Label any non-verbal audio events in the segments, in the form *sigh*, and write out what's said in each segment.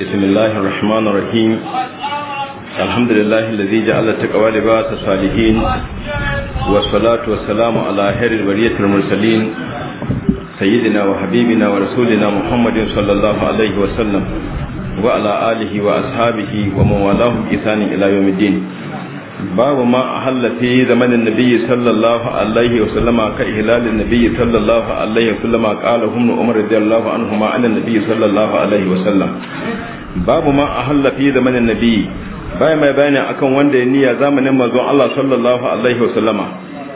بسم الله الرحمن الرحيم الحمد لله الذي جعل التقوى لباس الصالحين والصلاة والسلام على خير البرية المرسلين سيدنا وحبيبنا ورسولنا محمد صلى الله عليه وسلم وعلى آله وأصحابه ومن والاه بإحسان إلى يوم الدين babu ma a hallafi zamanin nabiyyi sallallahu alaihi wa sallama ka ihlalin nabiyyi sallallahu alaihi wa sallama qala hum umar radiyallahu anhu ma nabiyyi sallallahu alaihi wa sallam babu ma a hallafi zamanin nabiyyi bai mai bayani akan wanda ya niyya zamanin manzon Allah sallallahu alaihi wa sallama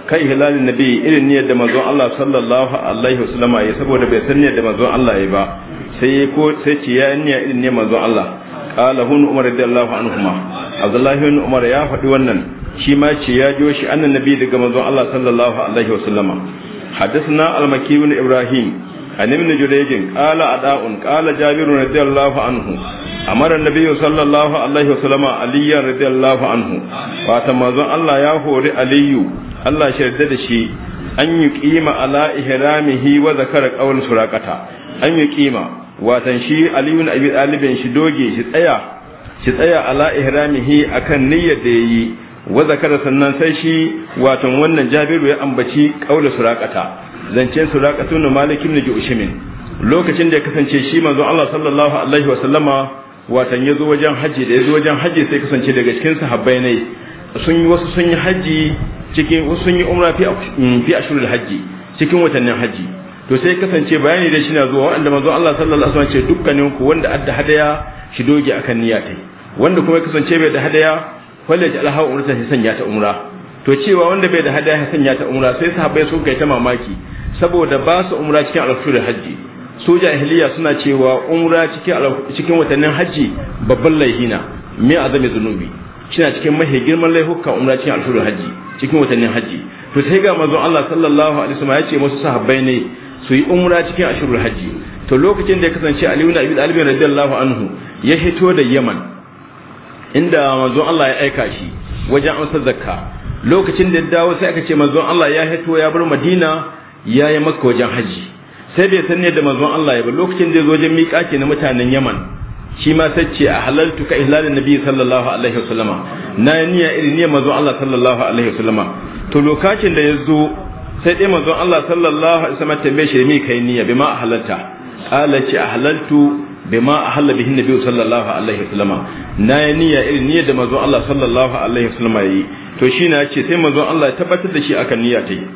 ka ihlalin nabiyyi irin niyyar da Allah sallallahu alaihi wa sallama ya saboda bai san niyyar da Allah ya ba sai ko sai ciya niyya irin niyyar Allah qala hun umar radiyallahu anhuma abdullahi bin umar ya faɗi wannan shi ma ce ya jo shi annan nabi daga manzon Allah sallallahu alaihi wa sallama hadathna al-makki bin ibrahim an ibn jurayj qala ada'un qala jabir radiyallahu anhu amara nabi sallallahu alaihi wa wasallama aliya radiyallahu anhu wata manzon Allah ya hori aliyu Allah shaida da shi an yi qima ala ihramihi wa zakara qawl suraqata an yi qima watan shi aliyu abi ɗalibin shi doge shi tsaya shi tsaya ala ihramihi akan niyyar da yayi wa zakara sannan sai shi watan wannan jabiru ya ambaci kaula suraqata zancen suraqatu na malik ibn ju'shimin lokacin da ya kasance shi manzo Allah sallallahu alaihi wa sallama watan yazo wajen haji da yazo wajen haji sai kasance daga cikin sahabbai ne sun yi wasu sun yi haji cikin sun yi umra fi mm, fi ashurul haji cikin watannin haji to sai kasance bayani da shi na zuwa wanda manzo Allah sallallahu alaihi wasallam ce dukkanin ku wanda adda hadaya shi doge akan niyya tai wanda kuma kasance bai da hadaya walla ji alha umra sai sanya ta umra to cewa wanda bai da hadaya sai sanya ta umra sai sahabbai sun kai ta mamaki saboda ba su umra cikin alfusul hajji soja ahliya suna cewa umra cikin cikin watannin hajji babban laihina mai azami zunubi kina cikin mahi girman laihuka umra cikin alfusul hajji cikin watannin hajji to sai ga manzo Allah sallallahu alaihi wasallam ya ce musu sahabbai ne su yi umra cikin ashirul hajji to lokacin da ya kasance aliyu na ibi ɗalibin radiyallahu anhu ya hito da yaman inda manzon Allah ya aika shi wajen amsar zakka lokacin da ya dawo sai aka ce manzon Allah ya hito ya bar madina ya yi maka wajen hajji sai bai san yadda manzon Allah ya ba lokacin da ya zo wajen miƙa ke na mutanen yaman shi ma sai ce a halaltu ka ihlalin nabi sallallahu alaihi wasallama na niyya irin niyyar manzon Allah sallallahu alaihi wasallama to lokacin da ya zo sai dai manzon Allah sallallahu alaihi wasallam tambaye shi me kai niyya bima halalta ala ci ahlaltu bima ahalla bihi nabi sallallahu alaihi wasallam na yi niyya irin niyya da manzon Allah sallallahu alaihi wasallam yi to shi na ce sai manzon Allah ya tabbatar da shi akan niyya ta yi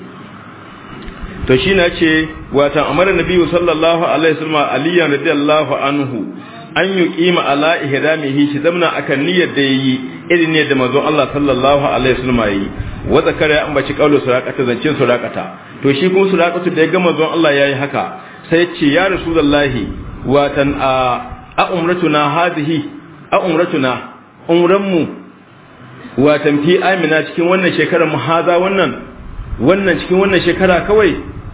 to shi na ce watan amara nabi sallallahu alaihi wasallam aliyan radiyallahu anhu an yi ƙima ala ihramihi shi zamna akan niyyar da yayi irin ne da manzon Allah sallallahu alaihi wasallam yayi wa zakara ya ambaci kaulu suraqata zancin suraqata to shi kuma suraqatu da ya ga manzon Allah yayi haka sai ce ya rasulullahi watan a a umratuna hadhihi a umratuna umran mu watan fi amina cikin wannan shekarar mu haza wannan wannan cikin wannan shekara kawai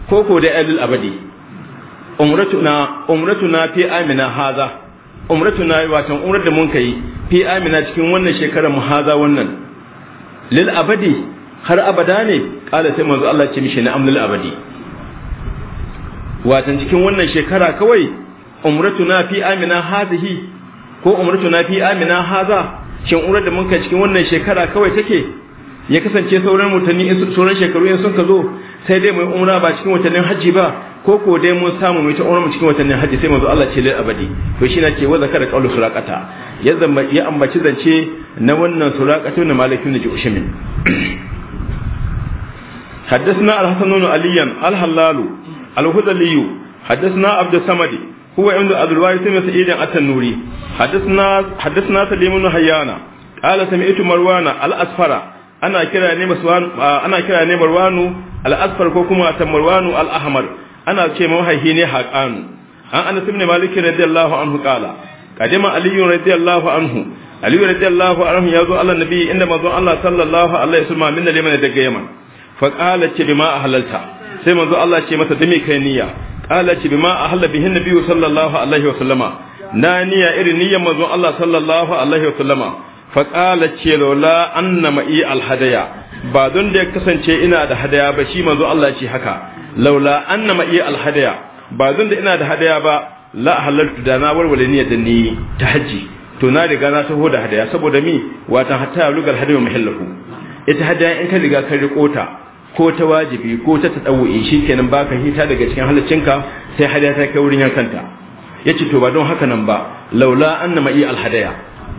koko da alil abadi umratuna umratuna fi amina haza umratuna watan umrar da mun kai fi amina cikin wannan shekarar mu haza wannan lil abadi har abada ne kala sai manzo Allah ce mishi na'am lil abadi watan cikin wannan shekara kawai umratuna fi amina hazihi ko umratuna fi amina haza shin umrar da mun kai cikin wannan shekara kawai take ya kasance sauran watanni sauran shekaru yin sun ka zo sai dai mai umra ba cikin watannin hajji ba ko ko dai mun samu mai ta umra mu cikin watannin hajji sai manzo Allah ce lil abadi to shi na ce wa zakara qawlu suraqata ya ya ambaci zance na wannan suraqatu na malakin da ushimin حدثنا الحسن بن علي الهلال الهذلي حدثنا عبد الصمد هو ابن عبد الوارث بن سعيد حدثنا حدثنا سليم بن قال سمعت ana kira ne maswan ana kira ne marwanu al-asfar ko kuma tamarwanu al-ahmar ana ce mahaihi ne haqanu an anas ibn malik radiyallahu anhu qala qadima ali radiyallahu anhu ali radiyallahu anhu yazo Allah nabi inda manzon Allah sallallahu alaihi wasallam min al-yaman daga yaman fa qala ce bima ahlalta sai manzon Allah ce mata dumi kai niyya qala ce bima ahalla bihi nabi sallallahu alaihi wasallama na niyya irin niyyar manzon Allah sallallahu alaihi wasallama faƙala ce laula anna ma'i alhadaya ba don da ya kasance ina da hadaya ba shi mazu Allah ce haka laula anna ma'i alhadaya ba don da ina da hadaya ba la halaltu da na warware niyyar da ni ta haji to na riga na taho da hadaya saboda mi wata hatta lugar hadaya muhallahu ita hadaya in ka riga ka riko ta ko ta wajibi ko ta tadawu'i shikenan baka hita daga cikin halaccinka sai hadaya ta kai wurin yankanta yace to ba don haka nan ba laula anna ma'i alhadaya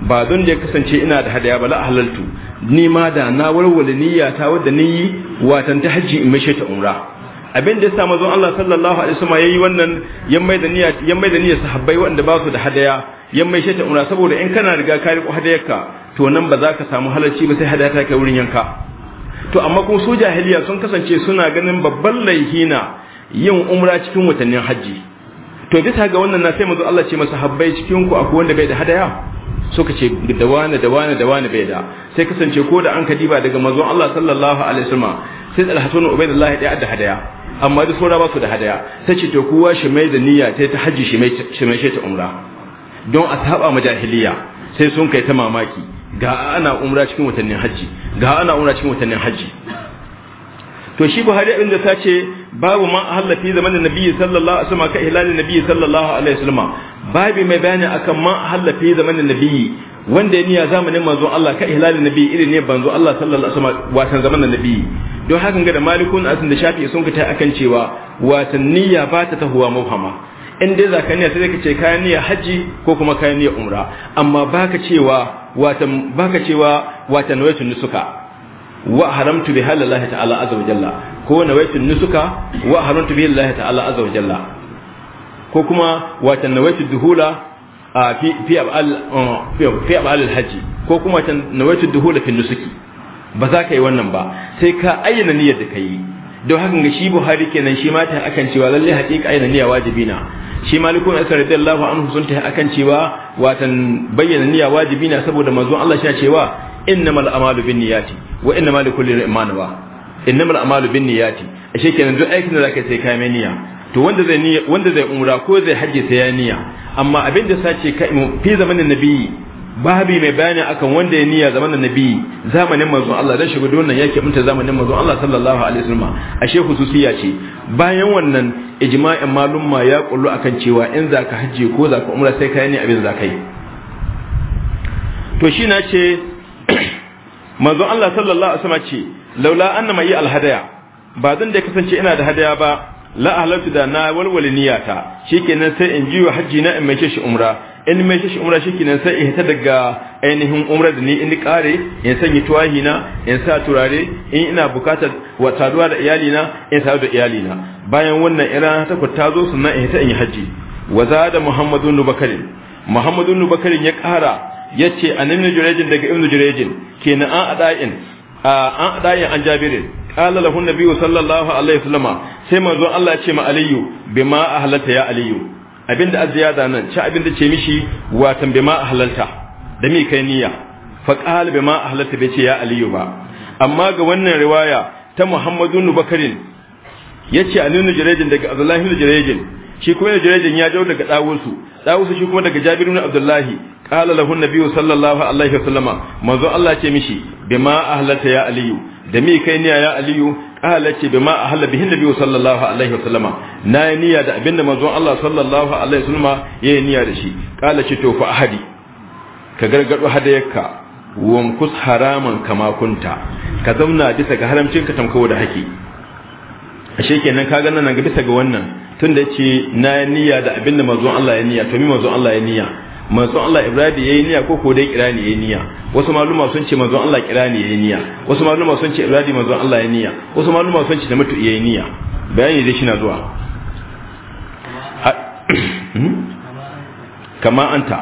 ba don da ya kasance ina da hadaya ba la halaltu ni ma da na warware niyya ta wadda ni yi watan ta hajji in maishe ta umra abin da ya samu zon Allah sallallahu alaihi wasallam yayi wannan yan mai da niyya yan mai da niyya sahabbai wanda ba su da hadaya yan shi ta umra saboda in kana riga ka riko hadayarka to nan ba za ka samu halarci ba sai hadaya ta kai wurin yanka to amma kuma su jahiliya sun kasance suna ganin babban laihina yin umra cikin watannin hajji to bisa ga wannan na sai zo Allah ce masa habbai cikin ku akwai wanda bai da hadaya suka ce da wani da wani da wani bai da sai kasance ko da an ba daga mazon Allah sallallahu alaihi wasallam sai alhasan ubaydullah ya da hadaya amma duk saura ba su da hadaya tace to kowa shi mai da niyya ta ta haji shi mai shi mai shi ta umra don a saba ma jahiliya sai sun kai ta mamaki ga ana umra cikin watannin haji ga ana umra cikin watannin haji to shi buhari abin da ta ce babu ma ahalla fi zamanin nabi sallallahu alaihi wasallam ka ihlalin nabi sallallahu alaihi wasallam babi mai bayani akan ma halafi zamanin nabiyyi wanda ya niya zamanin manzo Allah ka ihlalin nabiyyi irin ne banzo Allah sallallahu alaihi wasallam watan zamanin nabiyyi don hakan ga da malikun asin da shafi sun fita akan cewa watan niyya ba ta tahuwa mubhama in dai zaka niyya sai ka ce kayan niyya haji ko kuma kayan niyya umra amma baka cewa watan baka cewa watan waytun nusuka wa haramtu bi halallahi ta'ala azza wa jalla ko nawaitu nusuka wa haramtu bi halallahi ta'ala azza wa jalla ko kuma watan nawaitu duhula fi abal uh, haji ko kuma watan nawaitu duhula fi nusuki ba za ka yi wannan ba sai ka ayyana niyyar da ka yi don hakan ga shi buhari kenan shi ma ta akan cewa lalle haƙiƙa ayyana niyya wajibi na shi malikun na asar radiyallahu anhu sun ta akan cewa watan bayyana niyya wajibi na saboda manzo Allah shi cewa innamal amalu binniyati wa innamal likulli imanawa innamal amalu binniyati ashe kenan duk aikin da zaka sai mai niyya to wanda zai niyya wanda zai umra ko zai haji sai ya niyya amma abin da sace kai fi zamanin nabi babi mai bayani akan wanda ya niyya zamanin nabi zamanin manzon Allah dan shigo wannan yake mun ta zamanin manzon Allah sallallahu alaihi wasallam ashe susiya ce bayan wannan ijma'in malumma ya kullu akan cewa in zaka haji ko zaka umra sai kai ne abin zakai to shi na ce *clears throat* manzon Allah sallallahu alaihi wasallam ce laula annama yi alhadaya ba zan da kasance ina da hadaya ba la ahlatu da na walwale niyata shikenan sai in jiwa hajji na in mai shi umra in mai shi umra shikenan sai in hita daga ainihin umra da ni in kare in sanya tuwahi na in sa turare in ina bukatar saduwa da iyali na in sa da iyali na bayan wannan ira ta ku zo sannan in hita in yi hajji wa zada muhammadu ibn bakr muhammadu ibn ya kara yace anan jurejin daga ibn jurejin kenan an ada'in an yin an jabirin qala lahu biyu sallallahu alaihi wasallama sai manzo Allah ya ce ma aliyu bima ahlalta ya aliyu abinda aziyada nan ci abinda ce mishi watan a ahlalta da mi kai niyya fa qala bima ahlalta bai ce ya aliyu ba amma ga wannan riwaya ta Muhammadu Bakarin yace nuna Jirejin daga Abdullahi Jirejin shi kuma ibn jurayj ya jawo daga dawusu dawusu shi kuma daga jabiru na abdullahi qala lahu an-nabiy sallallahu alaihi wa sallama manzo Allah ce mishi bima ahlata ya aliyu da mi kai niya ya aliyu qala ce bima ahalla bihi an-nabiy sallallahu alaihi wa sallama. na yi niya da abinda manzo Allah sallallahu alaihi wa ya yi niya da shi qala ce to fa ahadi ka gargado hadayarka wankus haraman kama kunta ka zauna bisa ga haramcinka tamkawo da haki ashe kenan ka ga nan ga bisa ga wannan tunda yace na niyya da abinda manzon Allah ya niyya to mi manzon Allah ya niyya manzon Allah Ibrahim yayi niyya ko ko dai kirani yayi niyya wasu maluma sun ce manzon Allah kirani yayi niyya wasu maluma sun ce Ibrahim manzon Allah ya niyya wasu maluma sun ce da mutu yayi niyya bayani dai na zuwa *clears throat* hmm? kama anta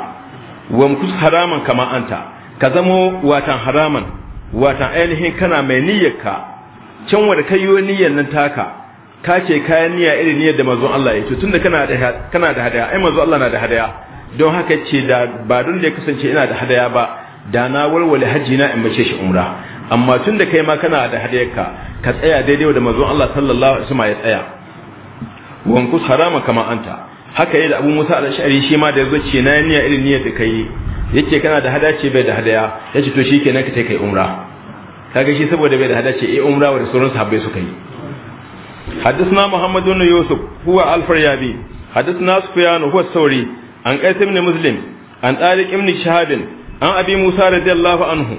wa mukus haraman kama anta ka zamo watan haraman watan ainihin kana mai niyyarka can wanda kai yi niyyar nan taka ka ce kayan niyya irin niyyar da manzon Allah ya to tunda kana da kana da hadaya ai manzon Allah na da hadaya don haka ce da ba don da ya kasance ina da hadaya ba da na walwale hajji na in mace shi umra amma tunda kai ma kana da hadayarka ka tsaya daidai da manzon Allah sallallahu alaihi wasallam ya tsaya wankus harama kama anta haka yayin da abu musa al-ash'ari shi ma da yazo ce na niyya irin niyyar da kai yace kana da hadaya ce bai da hadaya yace to shikenan ka kai umra kaga shi saboda bai da hadaya ce eh umra wa da sauran sahabbai suka yi حدثنا محمد بن يوسف هو الفريابي حدثنا سفيان هو الثوري عن قيس بن مسلم عن طارق بن شهاب عن ابي موسى رضي الله عنه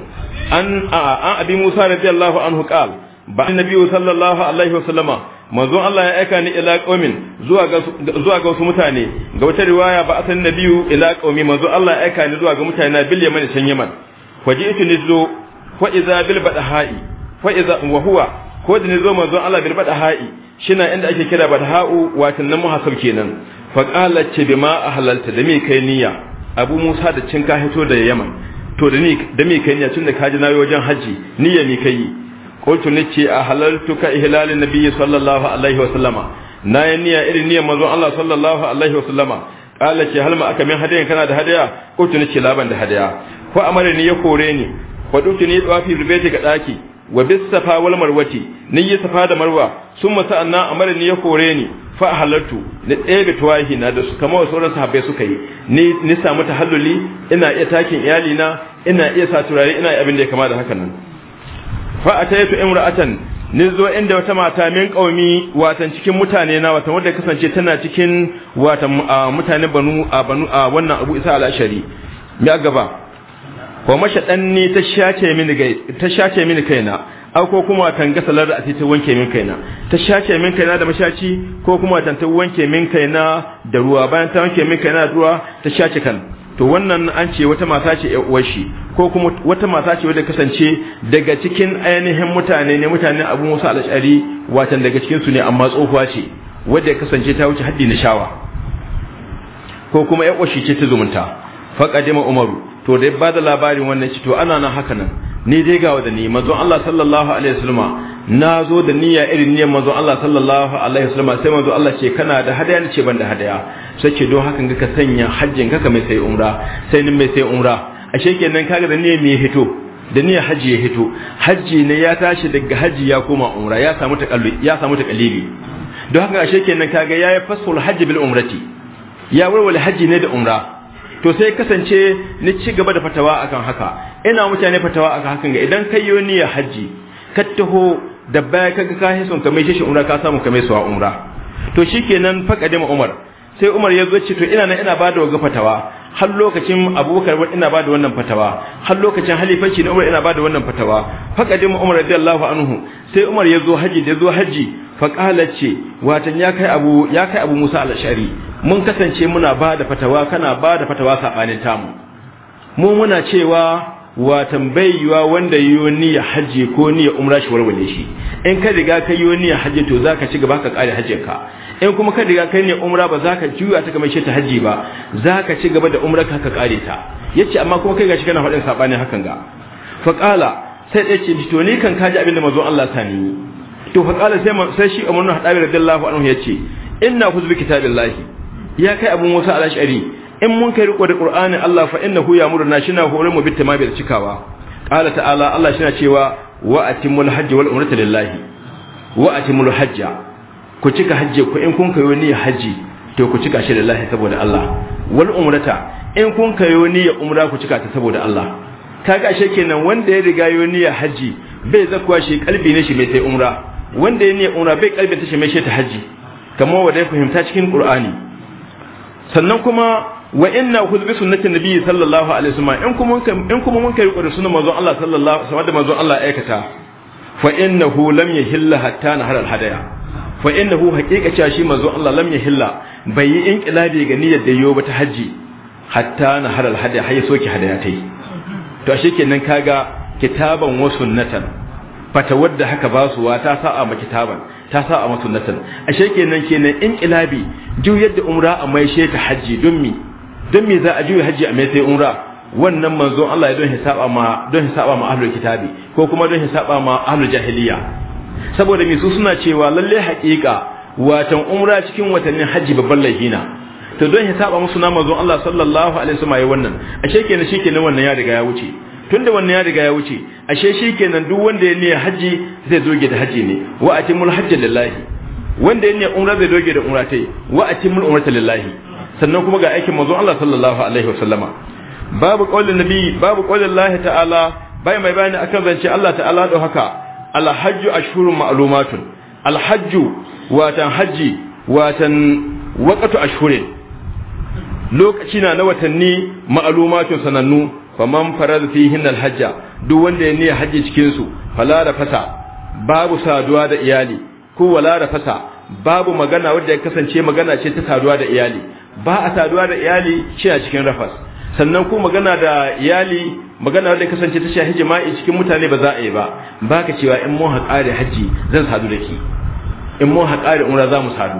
عن عن ابي موسى رضي الله عنه قال ba annabi sallallahu alaihi wasallama manzon Allah ya aika ni ila qaumin zuwa ga zuwa ga wasu mutane ga wata riwaya ba asan nabiyu ila qaumi manzon Allah ya aika ni zuwa ga mutane bil yaman can yaman waji'tu nizo fa iza bil badahai fa iza wa huwa ko da ne zo manzon Allah bil shi shina inda ake kira ha'u watan nan muhasab kenan fa qala ce ma ahlalta da me kai niyya Abu Musa da cin ka hito da Yaman to da ni da me kai niyya tunda ka ji nayi wajen haji niyya me kai qultu ni ce ka ihlalin nabiyyi sallallahu alaihi wa sallama Na yi niyya irin niyyar manzon Allah sallallahu alaihi wa sallama qala ce halma aka min hadiya kana da hadiya ko tuni ce laban da hadiya ko amare ni ya kore ni ko duki ni tsafi rubete ga daki wa bis safa wal marwati ni yi safa da marwa summa sa'anna amara ni ya kore ni fa halatu ni ɗebe tuwahi na da su kamar sauran sahabbai suka yi ni ni samu tahalluli ina iya takin iyali na ina iya sa turare ina abin da ya kama da hakan nan fa ataytu imra'atan ni zo inda wata mata min kaumi watan cikin mutane na watan wanda kasance tana cikin watan mutane banu a wannan abu isa al-ashari me gaba wa mashadanni ta shace mini ta shace mini kaina au ko kuma kan ga salar da ta wanke min kaina ta shace min kaina da mashaci ko kuma tan ta wanke min kaina da ruwa bayan ta wanke min kaina da ruwa ta shace kan to wannan an ce wata mata ce uwar shi ko kuma wata mata ce wadda kasance daga cikin ainihin mutane ne mutanen Abu Musa al-Ash'ari watan daga cikin su ne amma tsohuwa ce wadda kasance ta wuce haddi na shawa ko kuma ya kwashi ce ta zumunta faqadima Umaru to da ya da labarin wannan shi to ana nan haka nan ni dai ga da ni manzon Allah sallallahu alaihi wasallama na zo da niyya irin niyyar manzon Allah sallallahu alaihi wasallama sai manzon Allah ce kana da hadaya ni ce ban da hadaya sai ce don hakan ka sanya hajjin ka mai sai umra sai nin mai sai umra ashe kenan kaga da niyyar mai hito da niyyar haji ya hito haji ne ya tashi daga haji ya koma umra ya samu takallu ya samu takallili don haka ashe kenan kaga yayi fasul hajji bil umrati ya warware haji ne da umra to sai kasance ni ci gaba da fatawa akan haka ina mutane fatawa akan hakan ga idan kai yoni ya haji ka taho da baya ka ka hison ka kamai shi umra ka samu kamai suwa umra to shikenan faqadim umar sai Umar ya zo ce to ina nan ina ba da fatawa har lokacin Abubakar ina ba da wannan fatawa har lokacin halifanci na Umar ina ba da wannan fatawa faqadim Umar radiyallahu anhu sai Umar ya zo haji da zo haji fa ce watan ya kai Abu ya kai Abu Musa al-Ash'ari mun kasance muna ba da fatawa kana ba da fatawa saɓanin tamu mu muna cewa wa tambayewa wanda yiwo niyya hajji ko niyya umra shi warware shi in ka riga ka yiwo niyya hajji to zaka ci gaba ka kare hajjin ka in kuma ka riga ka niyya umra ba zaka juya ta kamar shi ta hajji ba zaka ci gaba da umra ka ka kare ta yace amma kuma kai gashi kana faɗin saɓanin hakan ga fa qala sai da ce to ni kan kaji abinda mazo Allah ta ni to fa qala sai sai shi Umar bin Hadabi radiyallahu anhu yace inna khuzbi kitabillahi ya kai abun musa al-ash'ari in mun kai riko da qur'anin Allah fa innahu na shina horon mu bitta tamami da cikawa qala ta'ala Allah shina cewa wa atimul hajj wal umrata lillahi wa atimul hajja ku cika hajji ku in kun kai niyyar hajji to ku cika shi lillahi saboda Allah wal umrata in kun wani niyyar umra ku cika ta saboda Allah kaga ashe kenan wanda ya riga yo niyyar hajji bai zakwa shi kalbi ne shi mai sai umra wanda ya niyyar umra bai kalbi ta shi mai shi ta hajji kamar wanda ya fahimta cikin qur'ani sannan kuma wa inna hu bi sunnati nabiyyi sallallahu alaihi wasallam in kuma in kuma mun kai ƙoƙarin sunan manzon Allah sallallahu alaihi wasallam da manzon Allah aikata fa innahu lam yahilla hatta nahar al hadaya fa innahu haqiqata shi manzon Allah lam yahilla bai yi inqilabi ga niyyar da yau ba ta haji hatta nahar al hadaya hayi soki hadaya tai to ashe kenan kaga kitaban wa sunnatan wadda haka basuwa ta sa'a ma kitaban ta sa a masunnatan ashe kenan kenan ilabi juyar da umra a mai sheka hajji don mi don mi za a juya hajji a mai sai umra wannan manzon Allah ya don hisaba ma don hisaba ma ahlul kitabi ko kuma don hisaba ma ahlul jahiliya saboda mi su suna cewa lalle haƙiƙa watan umra cikin watannin hajji babban lahina to don hisaba musu na manzon Allah sallallahu alaihi wasallam ya wannan ashe kenan shi kenan wannan ya riga ya wuce tunda wannan ya riga ya wuce ashe shikenan duk wanda ya niyya haji zai doge da haji ne wa atimul hajja lillahi wanda ya niyya umra zai doge da umra tai wa atimul umrata lillahi sannan kuma ga aikin manzon Allah sallallahu alaihi wasallama babu qaulin nabi babu qaulin Allah ta'ala bai mai bayani akan zance Allah ta'ala da haka alhajju ashhurun ma'lumatun alhajju watan haji watan waqtu ashhurin lokaci na na watanni ma'lumatun sanannu faman farad fihin alhajja duk wanda ya niyya haji cikin su fala da fasa babu saduwa da iyali ko wala da fasa babu magana wanda ya kasance magana ce ta saduwa da iyali ba a saduwa da iyali ce a cikin rafas sannan ko magana da iyali magana wanda ya kasance ta shahi jima'i cikin mutane ba za a yi ba baka cewa in mun haƙari haji zan sadu da ki in mun haƙari umra za mu sadu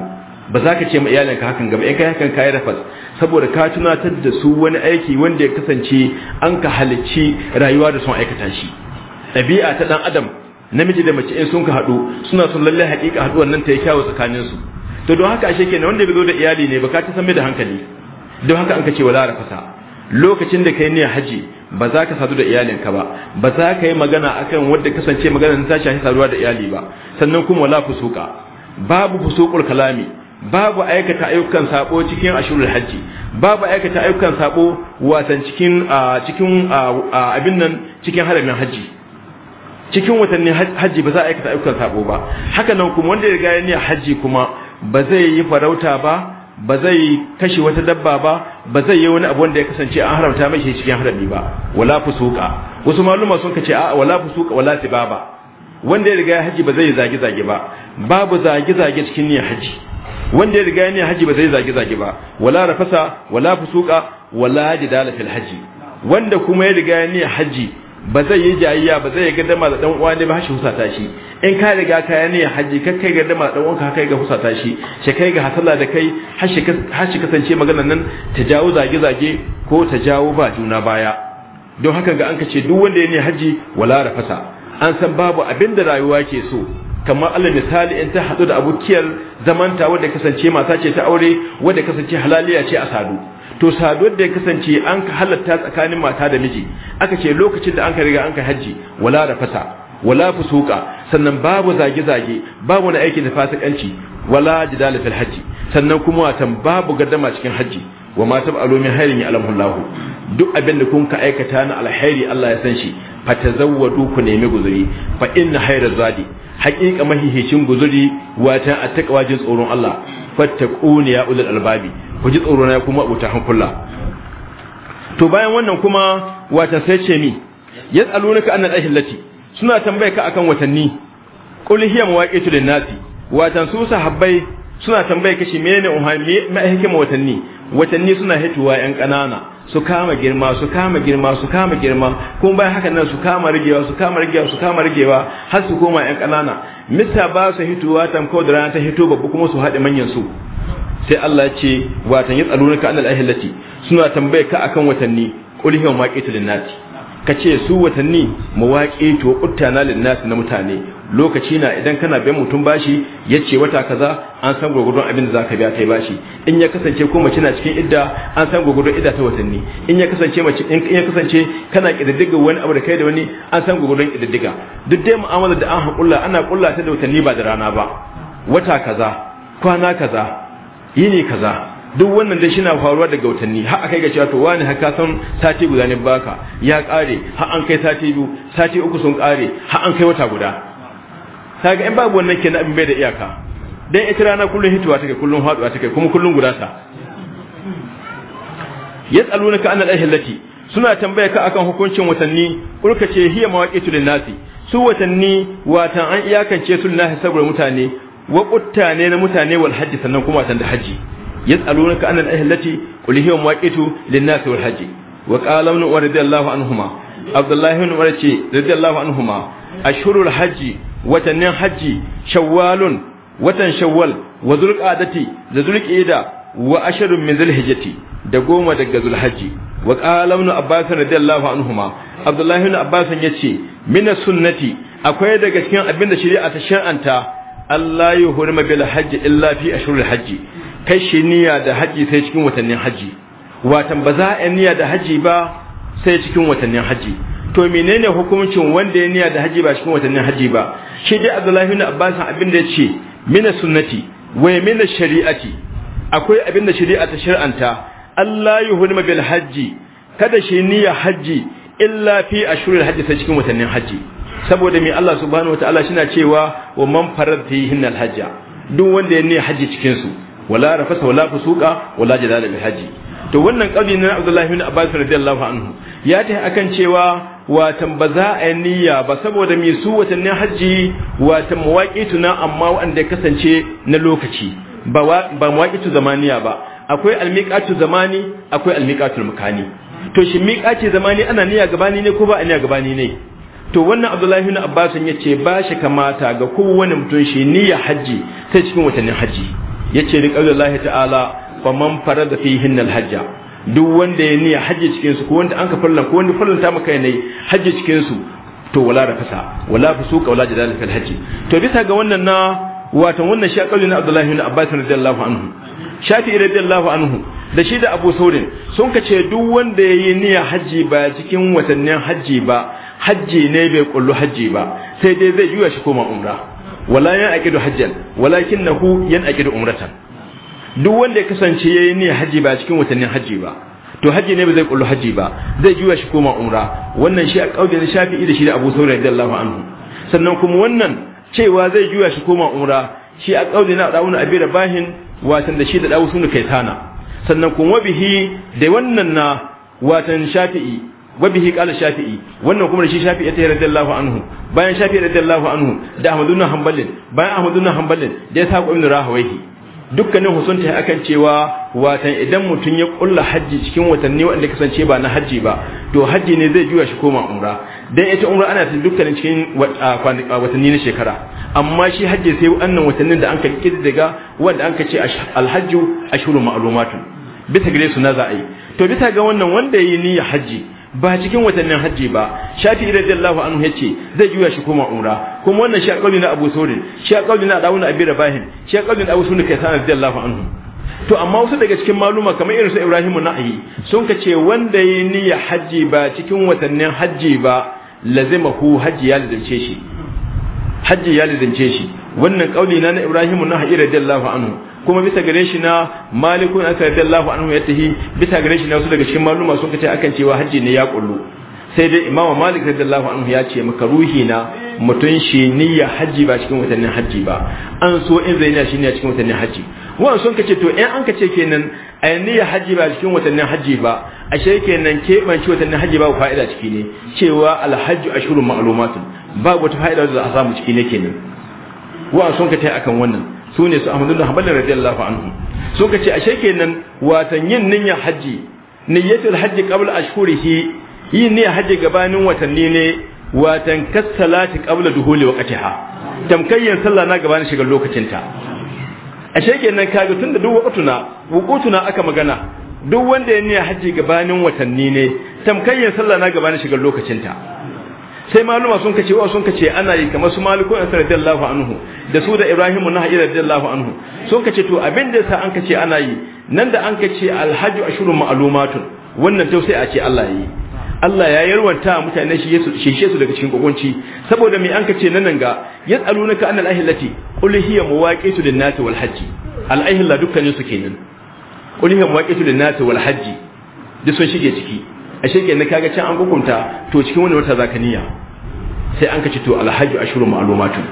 ba za ka ce ma iyalinka hakan gaba in kai hakan kai rafas saboda ka tunatar da su wani aiki wanda ya kasance an ka halicci rayuwa da sun aikata shi ɗabi'a ta ɗan adam namiji da mace in sun ka haɗu suna son lallai haƙiƙa haɗuwar nan ta yi kyawu tsakanin su to don haka ashe kenan wanda bai zo da iyali ne ba ka ta san da hankali don haka an ka ce wala rafasa lokacin da kai niyyar haji ba za ka sadu da iyalinka ba ba za ka yi magana akan wanda kasance magana ta shafi saduwa da iyali ba sannan kuma wala fusuka babu fusukul kalami babu aikata ayyukan sabo cikin ashurul hajji babu aikata ayyukan sabo watan cikin cikin abin nan cikin haramin hajji cikin watannin hajji ba za a aikata ayyukan sabo ba haka nan kuma wanda ya gaya niyyar hajji kuma ba zai yi farauta ba ba zai kashe wata dabba ba ba zai yi wani abu wanda ya kasance an haramta mai cikin harami ba wala fusuka wasu maluma sun kace a wala fusuka wala tibaba wanda ya riga hajji ba zai zage zage ba babu zage zage cikin niyyar hajji wanda ya riga ya haji ba zai zage zage ba wala rafasa wala fusuka wala jidala fil haji wanda kuma ya riga ya haji ba zai yi jayayya ba zai gaddama da dan uwa ne ba shi husata shi in ka riga ka ya haji ka kai gaddama da dan uwanka kai ga husata shi shi kai ga hasala da kai har shi kasance maganar nan ta jawo zage zage ko ta jawo ba juna baya don haka ga an kace duk wanda ya niyyar haji wala rafasa an san babu abin da rayuwa ke so kamar Allah misali in ta hadu da abokiyar zamanta wadda kasance mata ce ta aure wadda kasance halaliya ce a sadu to sadu da ya kasance an halatta tsakanin mata da miji aka ce lokacin da an ka riga an ka hajji wala fasa wala fusuka sannan babu zage-zage babu na aikin da fasikanci wala da fil hajji sannan kuma watan babu gardama cikin hajji wa ma tab'alu min khairin ya'lamu Allah duk abin da kun ka aikata na alkhairi Allah ya san shi fa tazawwadu ku nemi guzuri fa inna khairaz zadi haqiqa mahihicin guzuri wata attaqwa jin tsoron Allah fattaquni ya ulul albabi ku ji tsoro na kuma abuta hankula to bayan wannan kuma wata sai ce mi yas'alunaka an al-ahillati suna tambaye ka akan watanni qul hiya mawaqitu lin-nasi watan su sahabbai suna tambaye kashi menene uhaimi ma hikima watanni watanni suna hituwa yan ƙanana su kama girma su kama girma su kama girma kuma bayan haka nan su kama rigewa su kama rigewa su kama rigewa har su koma yan ƙanana mista ba su hituwa tamko da rana ta hito babu kuma su haɗe manyan su sai Allah ce watan yatsalunaka anil ahillati suna tambaye ka akan watanni qul hiya ta linnati kace su watanni mawaqitu to quttana linnati na mutane lokaci na idan kana bayan mutum bashi ya ce wata kaza an san gwagwadon abin da za ka biya kai bashi in ya kasance ko mace na cikin idda an san gwagwadon idda ta watanni in ya kasance mace in ya kasance kana kididdiga wani abu da kai da wani an san gwagwadon kididdiga duk dai mu'amalar da an hakulla ana ƙulla ta da watanni ba da rana ba wata kaza kwana kaza yini kaza duk wannan dai shina faruwa daga watanni har akai ga cewa to wani har ka san sati guda ne baka ya kare har an kai sati biyu sati uku sun kare har an kai wata guda kaga in babu wannan kenan abin bai da iyaka dan ita rana kullun hituwa take kullun haduwa take kuma kullun gudata yas'alunaka an al-ahillati suna tambaya ka akan hukuncin watanni kulka ce hiya mawaqitu lin-nasi su watanni watan an iyakance su lillahi saboda mutane wa quttane na mutane wal hajji sannan kuma watan da haji yas'alunaka an al-ahillati qul hiya mawaqitu lin-nasi wal hajji wa qala ibn radiyallahu anhuma abdullahi ibn umar ce radiyallahu anhuma ashhurul hajji watannin hajji shawwalun watan shawwal wa zulqadati da zulqida wa asharun min zulhijjati da goma daga zulhajji wa qala ibn abbas radiyallahu anhuma abdullahi ibn abbas yace min sunnati akwai daga cikin abin da shari'a ta shar'anta Allah ya hurma bil hajji illa fi ashhurul hajji kai shi niyya da hajji sai cikin watannin hajji watan ba za a niyya da hajji ba sai cikin watannin hajji to menene hukuncin wanda ya niyya da hajji ba cikin watannin hajji ba shi dai Abdullahi ibn Abbas abin da yace mina sunnati wa mina shari'ati akwai abin da shari'a ta shir'anta Allah yuhurma bil hajji kada shi niyya hajji illa fi ashurul hajji sai cikin watannin hajji saboda mai Allah subhanahu ta'ala shina cewa wa man faradihin hajja duk wanda ya niyya hajji cikin su wala rafasa wala fusuqa wala jadala bil hajji to wannan kauli na Abdullahi ibn Abbas radiyallahu anhu ya ta akan cewa watan ba za a yi niyya ba saboda mai su watannin hajji watan mawaƙi na amma waɗanda ya kasance na lokaci ba tu zamaniya ba akwai almiƙatu zamani akwai almiƙatu mukani to shi miƙaci zamani ana niyya gabani ne ko ba a niyya gabani ne to wannan abdullahi na abbasan ya ce ba shi kamata ga kowane mutum shi niyya hajji sai cikin watannin hajji ya ce riƙar da ta'ala fa man fi fihin hajja duk wanda ya niyya hajji cikin su ko wanda an ka farla ko wanda farlanta maka ne hajji cikin su to wala da fasa wala fusuka wala jidal fil hajji to bisa ga wannan na watan wannan shi akalu na Abdullahi ibn Abbas radiyallahu anhu shafi radiyallahu anhu da shi da Abu Saurin sun ka ce duk wanda ya yi niyya hajji ba cikin watannin hajji ba hajji ne bai kullu hajji ba sai dai zai juya shi koma umra wala yan aqidu hajjan walakinahu yan aqidu umratan duk wanda ya kasance yayi ne haji ba cikin watannin haji ba to haji ne ba zai kullu haji ba zai juya shi koma umra wannan shi a kaudin shafi'i da shi da Abu Sa'id radiyallahu anhu sannan kuma wannan cewa zai juya shi koma umra shi a kaudin na Abu Abi Rabahin watan da shi da Dawud sun kai tana sannan kuma wabihi da wannan na watan shafi'i wabihi qala shafi'i wannan kuma da shi shafi'i ta radiyallahu anhu bayan shafi'i radiyallahu anhu da Ahmad ibn Hanbal bayan Ahmad ibn da ya sako ibn Rahawayhi dukkanin husunta akan cewa watan idan mutum ya kulla hajji cikin watanni wanda kasance ba na hajji ba to hajji ne zai juya shi koma umra dan ita umra ana ta dukkanin cikin watanni na shekara amma shi hajji sai wannan watannin da anka kiddiga wanda anka ce alhajju ashhurul ma'lumatun bisa gare su na za to bisa ga wannan wanda yi niyya hajji ba cikin watannin hajji ba shafi radiyallahu anhu yace zai juya shi kuma umra kuma wannan shi kauli na Abu Saurin shi kauli na Dawud Abi Rabahin shi kauli na Abu kai Kaisan radiyallahu anhu to amma wasu daga cikin maluma kamar irin su Ibrahim Nahi sun ka ce wanda yayi niyya hajji ba cikin watannin hajji ba lazimahu hajji ya lazimce shi hajji ya lazimce shi wannan kauli na Ibrahim na Ha'i radiyallahu anhu kuma bisa gare shi na Malikun aka radiyallahu anhu ya tahi bisa gare shi na wasu daga cikin maluma sun kace akan cewa hajji ne ya kullu sai dai Imam Malik radiyallahu anhu ya ce maka ruhi na mutun shi niyya hajji ba cikin watannin hajji ba an so in zaina shi ne cikin watannin hajji wannan sun kace to in an kace kenan a niyya hajji ba cikin watannin hajji ba a ashe kenan ci watannin hajji ba fa'ida ciki ne cewa alhajju ashurun ma'lumatun babu wata fa'ida da za a samu ciki ne kenan wa sun ka ta akan wannan su ne su Ahmadu bin Hanbal radiyallahu anhu sun ka ce ashe kenan watan yin niyyar haji niyyatul haji qabla ashhurihi yin niyya haji gabanin watanni ne watan kasalati qabla duhuli waqtiha tamkayyan sallah na gabanin shigar lokacinta ashe kenan kaga tunda duk waqtuna wuqutuna aka magana duk wanda ya niyya haji gabanin watanni ne tamkayyan sallah na gabanin shigar lokacinta sai maluma sun kace wa sun kace ana yi kamar su maliku an radiyallahu anhu da su da ibrahim na da radiyallahu anhu sun kace to abin da yasa an kace ana yi nan da an kace alhajju ashurun ma'lumatun wannan to sai a ce Allah yi Allah ya yarwanta mutane shi yesu shishe su daga cikin kokonci saboda me an kace nan ga yas'alunaka anil ahillati qul hiya muwaqitu lin-nasi wal hajji al-ahilla dukkanin su kenan qul hiya muwaqitu lin-nasi wal hajji da sun shige ciki ashe kenan kaga can an hukunta to cikin wani wata zaka niyya sai an kace to alhajju ashhurun ma'lumatun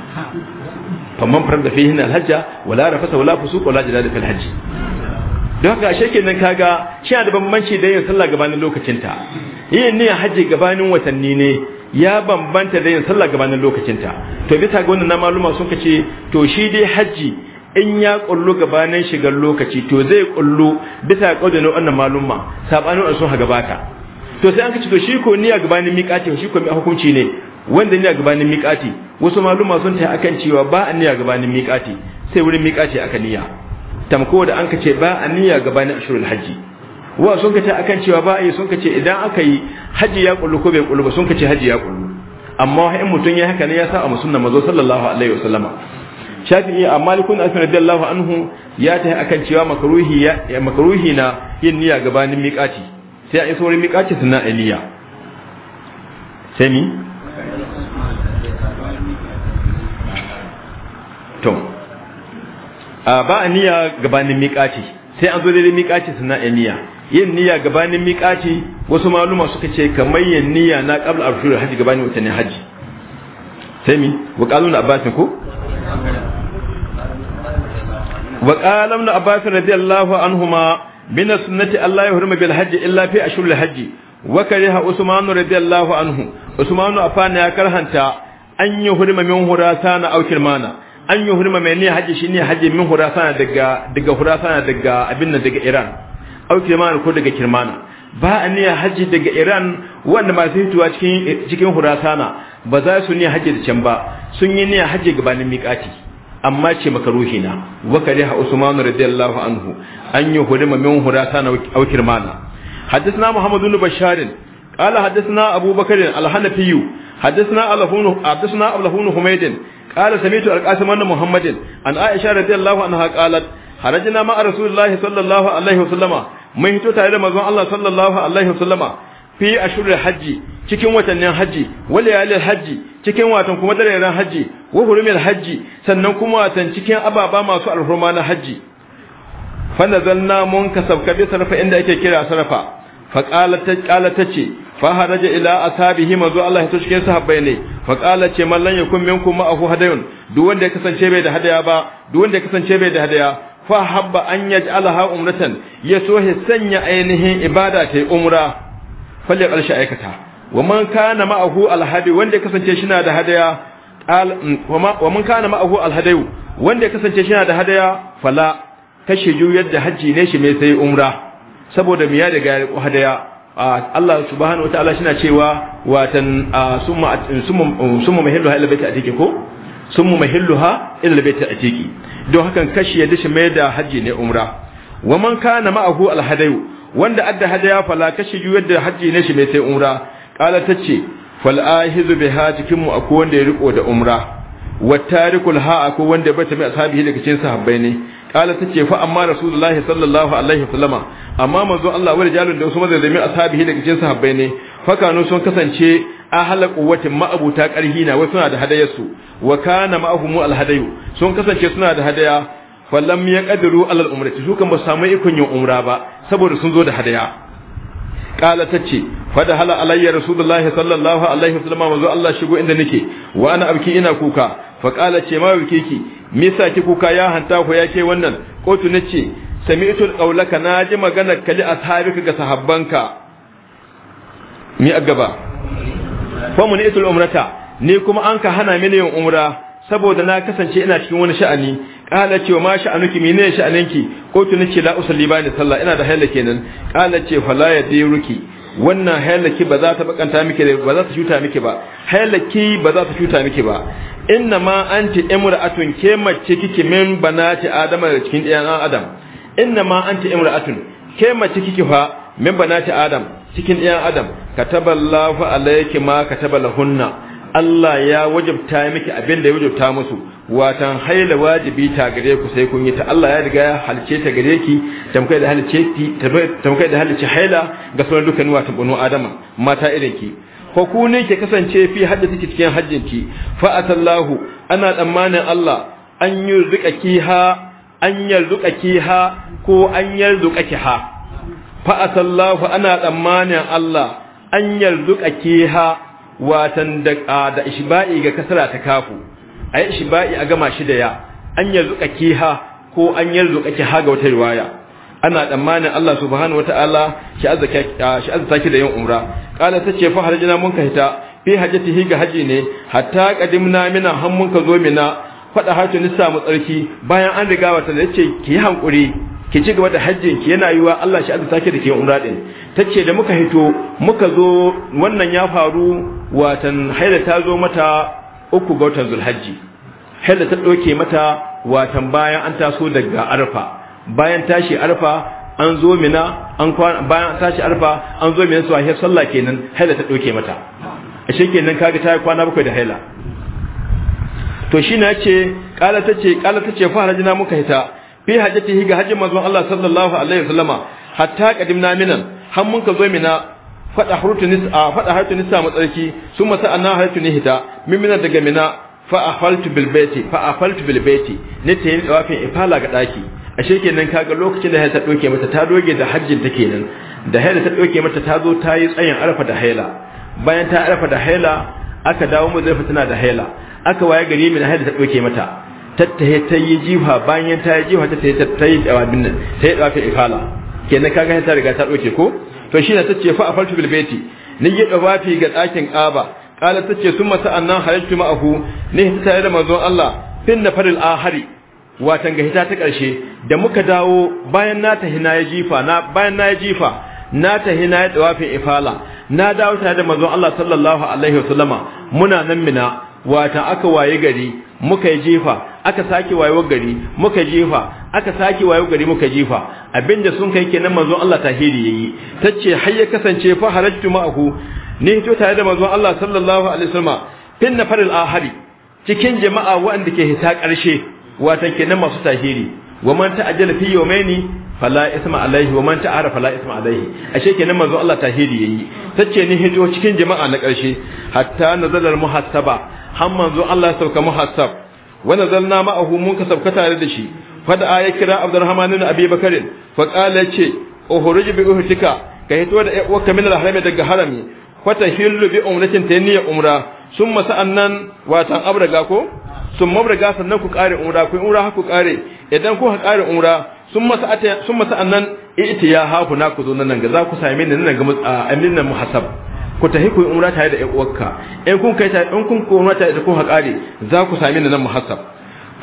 faman farda fihin alhajja wala rafasa wala fusuq wala jidal fil hajji don haka ashe kenan kaga shi da bambanci da yin sallah gabanin lokacinta yin niyya hajji gabanin watanni ne ya bambanta da yin sallah gabanin lokacinta to bisa ga wannan na maluma sun kace to shi dai hajji in ya kullu gabanin shigar lokaci to zai kullu bisa ga wannan maluma sabanin sun ha gabata to sai an ce to shi ko niyya gabanin miƙati shi ko hukunci ne wanda niyya gabanin miƙati wasu maluma sun ta akan cewa ba a niyya gabanin miƙati sai wurin miƙati aka niyya tamko da an kace ba a niyya gabanin ashurul haji, wa sun kace akan cewa ba a yi sun kace idan aka yi haji ya kullu ko bai kullu ba sun kace haji ya kullu amma in mutun ya haka ne ya sa a musunna mazo sallallahu alaihi wasallama shafi'i a malikun asma radiyallahu anhu ya ta akan cewa makruhi na yin niyya gabanin miƙati sai a iso wurin miƙaci suna eliya sai ni to a ba a niya gabanin miƙaci sai an zo daidai miƙaci suna eliya yin niya gabanin miƙaci wasu maluma suka ce kamar yin niya na ƙabla arshura hajji gabanin ne hajji sai mi wakalu na abbasin ko wakalu na abbasin radiyallahu ma min sunnati Allah yuhrimu بالحج hajji illa أشهر الحج hajji wa رضي Usman عنه anhu Usman afana ya karhanta an من hurma min كرمانا أن kirmana an حج hurma mai من haji shine haji min hurasana daga daga إيران daga abin nan daga Iran ba a niyya haji daga Iran wanda masu hituwa cikin cikin hurasana ba za su niyya haji da can ba sun yi niyya haji gabanin miƙati amma ce maka na, wa kare ha usmanu radiyallahu anhu an yi hudima min hurata na aukir mana hadithna muhammadu ibn bashar qala hadithna abubakar al-hanafi hadithna alahunu hadithna alahunu humaydin samitu al-qasim anna muhammadin an aisha radiyallahu anha qalat harajna ma rasulullahi sallallahu alaihi wasallama mai hito tare da manzon Allah sallallahu alaihi wasallama fi ashurul hajji cikin watannin hajji wal layalil hajji cikin watan kuma daren hajji wa hurumil hajji sannan kuma watan cikin ababa masu alhurma na hajji fa mun munkasab kabi sarfa inda ake kira sarfa fa qalat qalat tace fa haraja ila ashabihi mazu Allah to cikin sahabbai ne fa qalat ce mallan yakun minkum ma'ahu hadayun duk wanda ya kasance bai da hadaya ba duk wanda ya kasance bai da hadaya fa habba an yaj'alaha umratan yaso sanya ainihin ibada ta umra falle ƙarshe aikata wa man kana ma'ahu alhadi wanda ya kasance shi na da hadaya wa man kana ma'ahu alhadi wanda ya kasance shi na da hadaya fala kashe ju yadda hajji ne shi mai sai umra saboda miya da gari hadaya Allah subhanahu wataala shi na cewa watan summa summa mahilluha ila baiti atiki ko summa mahilluha ila baiti atiki don hakan kashe yadda shi mai da hajji ne umra wa man kana ma'ahu alhadi wanda adda hadaya fala kashi yadda haji ne shi mai sai umra kala tace fal ahizu bi cikin mu akwai wanda ya riko da umra wa tarikul ha akwai wanda ta mai ashabihi daga cikin sahabbai ne kala tace fa amma rasulullahi sallallahu alaihi wasallama amma manzo Allah wa rijalun da usman da mai ashabihi daga cikin sahabbai ne fakanu sun kasance ahala quwwatin ma'abuta karhi na suna da hadayarsu wa kana ma'ahum al sun kasance suna da hadaya falam ya kadiru alal umrati su kan ba samu ikon yin umra ba saboda sun zo da hadaya qala tace da hala alayya rasulullahi sallallahu alaihi wasallam manzo Allah shigo inda nake wa ana abki ina kuka fa qala ce ma wuke ki me yasa ki kuka ya hanta ko yake wannan kotu nace sami'tu na ji magana kali ashabika ga sahabbanka mi agaba fa mun itul umrata ni kuma an ka hana mini yin umra saboda na kasance ina cikin wani sha'ani kala ce ma sha'anuki menene sha'aninki ko tuni ce la usalli bani sallah ina da haila kenan kala ce fala ya diruki wannan halaki ba za ta bakanta miki ba za ta shuta miki ba Halaki ba za ta shuta miki ba inna ma anti imra'atun ke mace kike min banati adama da cikin ɗayan adam inna ma anti imra'atun ke mace kike fa min banati adam cikin ɗayan adam kataballahu alayki ma kataballahunna Allah ya wajabta miki abin da ya wajabta musu watan haila wajibi ta gare ku sai kun yi ta Allah ya riga ya halice ta gare ki tamkai da halice ki tamkai da halice haila ga sauran dukkan wata bunu adama mata irin ki ko ku ne ke kasance fi hajji take cikin hajjin ki fa atallahu ana tsammanin Allah an yi ki ha an ki ha ko an ki ha fa atallahu ana tsammanin Allah an ki ha watan da ishba'i ga kasara ta kafu a yi shi ba'i a gama shi da ya an ki ha ko an ki ha ga wata riwaya ana tsammanin Allah subhanahu wataala shi azzaka shi azzata ki da yin umra qala tace fa harjina mun hita, fi hi ga haji ne hatta kadimna mina han mun ka zo mina fada hatu ni samu tsarki bayan an riga wata da yace ki hankuri ki ci gaba da hajjin ki yana yiwa Allah shi azzata ki da ke umra din tace da muka hito muka zo wannan ya faru watan haida ta zo mata uku ga watan zulhajji haila ta ɗauke mata watan bayan an taso daga arfa bayan tashi arfa an zo mina an bayan tashi arfa an zo mina su a sallah kenan haila ta ɗauke mata a kenan kaga ta kwana bakwai da haila to shi na ce ƙala ta ce ƙala ta ce fara jina muka hita fi hajjati ga hajjin manzon Allah sallallahu alaihi wasallama hatta qadimna minan har mun ka zo mina fada harutu nis a fada harutu samu tsarki sun masa anna harutu ni hita min mina daga mina fa afaltu bil baiti fa afaltu bil baiti ne ta yi dawafin ifala ga daki ashe kenan kaga lokacin da haila ta doke mata ta doge da hajjin ta kenan da haila ta doke mata ta zo ta yi tsayin arfa da haila bayan ta arfa da haila aka dawo mu zai fitina da haila aka waye gari min haila ta doke mata tattahe ta yi jiha bayan ta yi jiha ta ta yi dawafin nan ta yi dawafin ifala kenan kaga ta riga ta doke ko to shi ne tace fa afaltu bil baiti ni yi dawafi ga ɗakin ƙaba kala tace sun masa annan halattu ma'ahu ni ta tare da manzon Allah fin na faril ahari watan ga hita ta ƙarshe da muka dawo bayan na tahi na ya jifa na bayan na ya jifa na tahi na ya dawafi ifala na dawo tare da manzon Allah sallallahu alaihi wasallama muna nan mina wata aka waye gari muka jefa aka sake wayo gari muka jefa aka sake wayo gari muka jefa abinda sun kai kenan manzon Allah tahiri yayi tace har ya kasance fa harajtu ma'ahu Ni hito tare da manzon Allah sallallahu alaihi wasallam fin nafaril ahari cikin jama'a wanda ke hita karshe wato kenan masu tahiri wa man ta'ajjala fi yawmaini fala isma alaihi wa man ta'ara fala isma alaihi ashe kenan manzon Allah tahiri yayi tace ni hito cikin jama'a na karshe hatta nazalal muhasaba har manzo Allah ya sauka muhassab wa nazalna ma'ahu mun ka sauka tare da shi fa da ya kira Abdurrahman ibn Abi Bakr fa qala ce uhruj bi uhtika ka hito da uwarka min al-harami daga harami fata hillu bi umratin tayniya umra summa sa'annan watan abraga ko summa abraga sannan ku kare umra ku umra ku kare idan ku kare umra summa sa'ata summa sa'annan itiya ku na ku zo nan ga za ku same ni nan ga amin nan muhassab ku tahi ku umra tare da ƴan uwarka in kun kai in kun ku umra tare da kun haƙari za ku sami da nan muhassab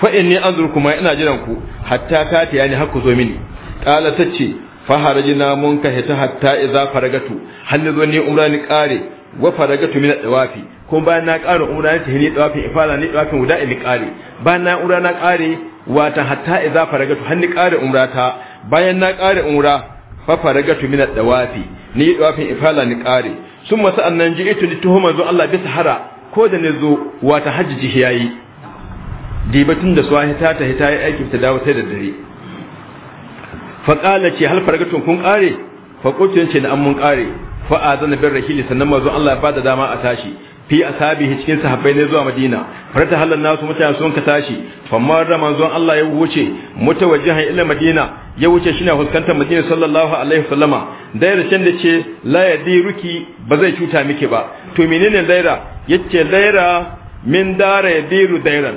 fa inni ma ina jiran ku hatta ta tiyani har ku zo mini qala tace fa na mun ka hita hatta idza faragatu hannu zo ni umra ni ƙare wa faragatu min dawafi Ko bayan na ƙara umra ni tahini dawafin ifala ni dawafin guda ni ƙare bayan na umra na ƙare wata hatta idza faragatu ni ƙare umra ta bayan na ƙare umra fa faragatu min dawafi ni dawafin ifala ni ƙare sun masu annan ji ito tuhuma zo Allah bisa hara ko da ne zo wata hajji ya yi dibatun da suwa hita ta hita ya aiki ta dawo sai da dare faƙala ce hal fargatun kun ƙare faƙotun ce na an mun ƙare fa'a zana bin rahili sannan mazo Allah ba da dama a tashi fi asabihi cikin sahabbai ne zuwa madina farta halan nasu mutane sun ka tashi famma da manzon Allah ya wuce mutawajjihan ila madina ya wuce shine huskantar madina sallallahu alaihi wasallama daira can da ce la yadiruki ba zai cuta miki ba to menene daira yace daira min dara yadiru dairan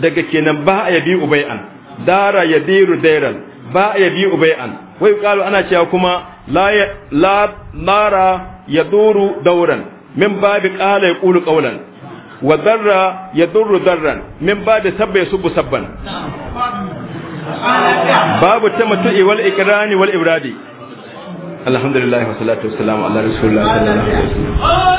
daga kenan ba a yabi ubai'an dara yadiru dairan ba a yabi ubai'an wai kalu ana cewa kuma la la nara yaduru dauran min babi qala yaqulu qawlan wa darra yadurru darran min babi sabba yasubbu sabban babu tamattu'i wal ikrani wal ibradi alhamdulillah wa salatu wassalamu ala rasulillah